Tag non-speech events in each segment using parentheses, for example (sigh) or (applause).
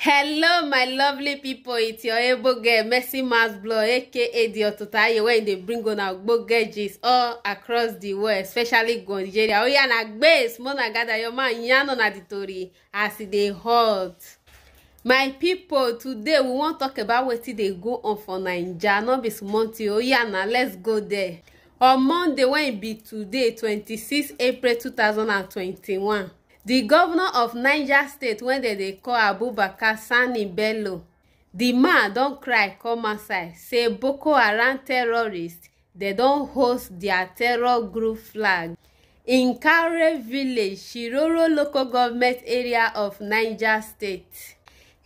hello my lovely people. its your egboge mercy mass blow. aka di ototaye wey they bring on our gist all across the world especially go nigeria oya oh, na gbe smona gada your man Yano na di tori as they dey hot my people. today we wan talk about wetin they go on for naija no be small tin oya oh, na let's go there on monday when it e be today 26 april 2021 di govnor of niger state wey dem dey call abubakar sani bello di man don cry come outside say boko haram terrorists dem don host dia terror group flag in kare village shiroro local government area of niger state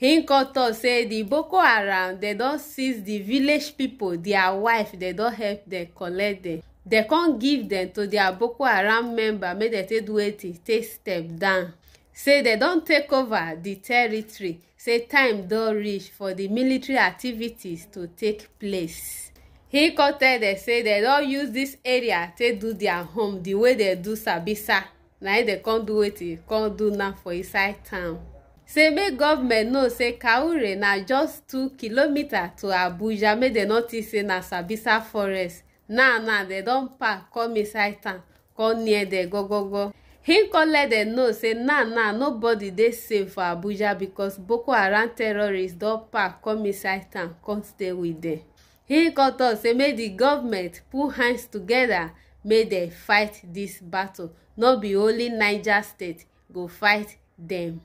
him come talk say di boko haram dem don seize di village pipo dia wife dem don help dem collect dem dem come give dem to dia boko haram member make dem take do wetin take step down say dem don take over di territory say time don reach for di military activities to take place he come tell dem say dem don use dis area take do dia home di way dem do sabisa na im dem come do wetin come do now for inside town say make government know say kaure na just two kilometre to abuja make dem no think say na sabisa forest now now they don pack come inside town come near there go. him come let them know say now now nobody dey safe for abuja because boko haram terrorists don pack come inside town come stay with them. him come talk say make the government put hands together. make they fight this battle no be only niger state go fight them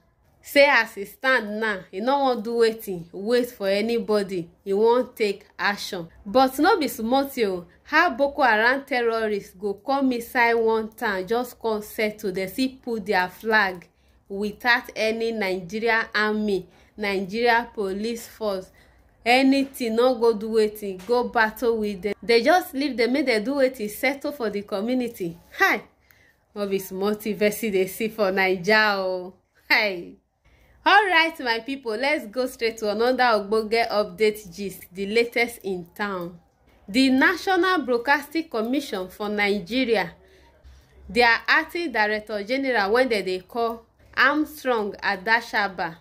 say as e stand now e no wan do wetin wait for anybody e wan take action but no be small thing o how boko haram terrorists go come inside one town just come settle dey still put their flag without any nigeria army nigeria police force anything no go do wetin go battle with dem dey just leave dem make dem do wetin settle for di community hi no be small thing vesi dey see for naija o oh. hi alright my people let's go straight to another ogbonge update gist the latest in town the national broadcasting commission for nigeria their acting director general wey dem dey call armstrong adashaba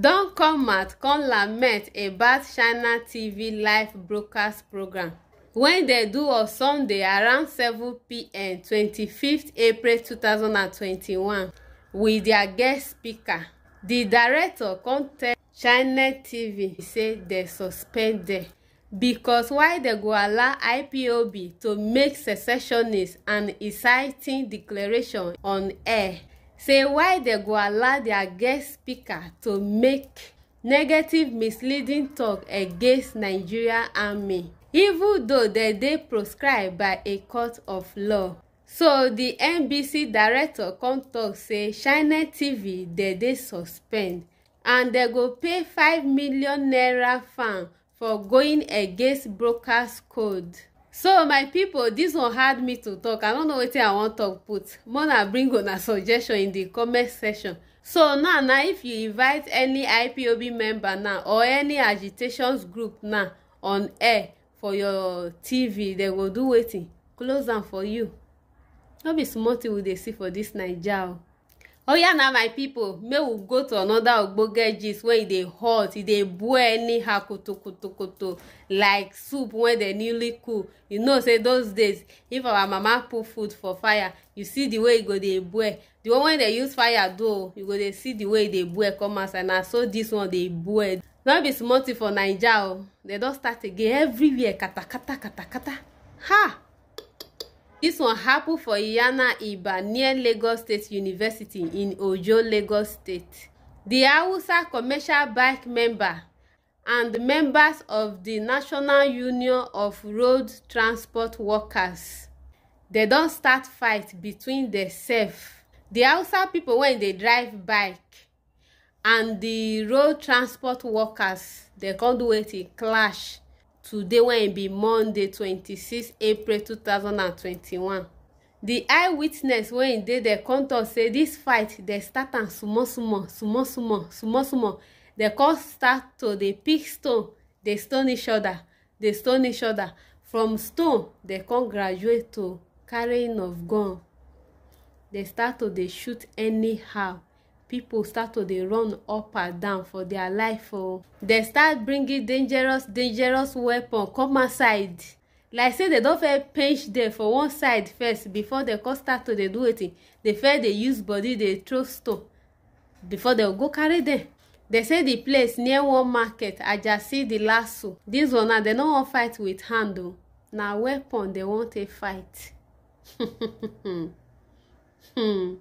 don come out come lament about china tv live broadcast program wey dem do on sunday around 7pm 25th april 2021 with their guest speaker The director come tell channel tv say they suspend them because why they go allow ipob to make secessionist and inciting declaration on air say why they go allow their guest speaker to make negative misleading talk against nigeria army even though they dey proscribed by a court of law so the nbc director come talk say channel tv dey dey suspend and dem go pay five million naira fine for going against broadcast code. so my pipo dis one hard me to talk. i no know wetin i wan tok put more na bring una suggestion in di comment section so now na if you invite any ipob member now or any agitation group now on air for your tv dem go do wetin close am for you no be small thing we dey see for dis naija o oya oh na my pipo make we go to another ogbonge gist wey e dey hot e dey boil anyhow kotokotokoto like soup wey dey newly cool you know say those days if our mama put food for fire you see the way e go dey boil the one wey dey use fire do o you go dey see the way e dey boil come outside na so this one dey boil no be small thing for naija o dem don start again everywhere katakata katakata ha This one happened for iyana iba near lagos state university in ojo lagos state The hausa commercial bike member and members of the national union of road transport workers They don't start fight between themselves. The hausa people when they drive bike and the road transport workers they come do wetin clash today wey be monday twenty-six april two thousand and twenty-one the eyewitness wey e dey there come talk say this fight dey start am small small small small small small dey come start to dey pick stone dey stone each other dey stone each other from stone dey come graduate to carrying of gun dey start to dey shoot anyhow People start to dey run up and down for their life o dem start bringing dangerous dangerous weapon come outside like say dem don first pinch dem for one side first before dem come start to dey do wetin dem first dey use body dey throw stone before dem go carry dem dem say di place near one market ajasi di lasso dis one na dem no wan fight with hand o na weapon dem wan take fight. (laughs) hmm. hmm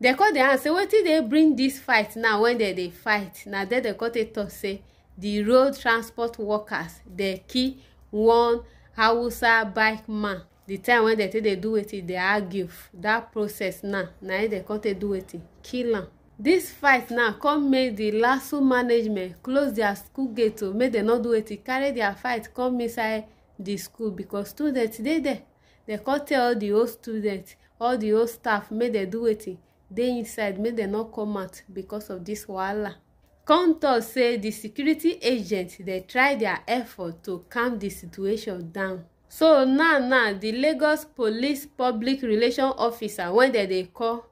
dem come dey ask say wetin dey bring dis fight now wen dem dey fight na there dem come take talk say di road transport workers dey kill one hausa bike man di time wen dem take dey do wetin dey argue dat process now na im dem come take do wetin kill am dis fight now come make di lasso management close dia school gate o oh, make dem no do wetin carry dia fight come inside di school because students dey there dem come tell all di whole students all di old staff make dem do wetin dey inside make dem no come out because of dis wahala come tok say di security agents dey try dia effort to calm di situation down so now now di lagos police public relations officer wey dem dey call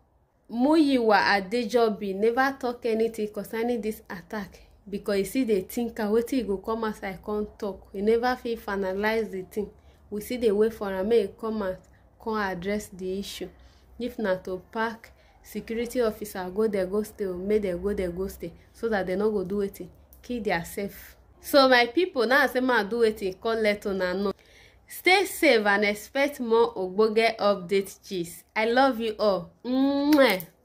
muyiwa adejobi neva tok anytin concerning dis attack becos e still dey think am ah, wetin e go come outside come tok e neva fit finalize di tin we still dey wait for am make e come out come address di issue if na to pack security officer go there go stay o make them go there go stay so that they no go do wetin kill their self so my people now I say ma do wetin come let una know stay safe and expect more ogbonge update gist i love you all mwah.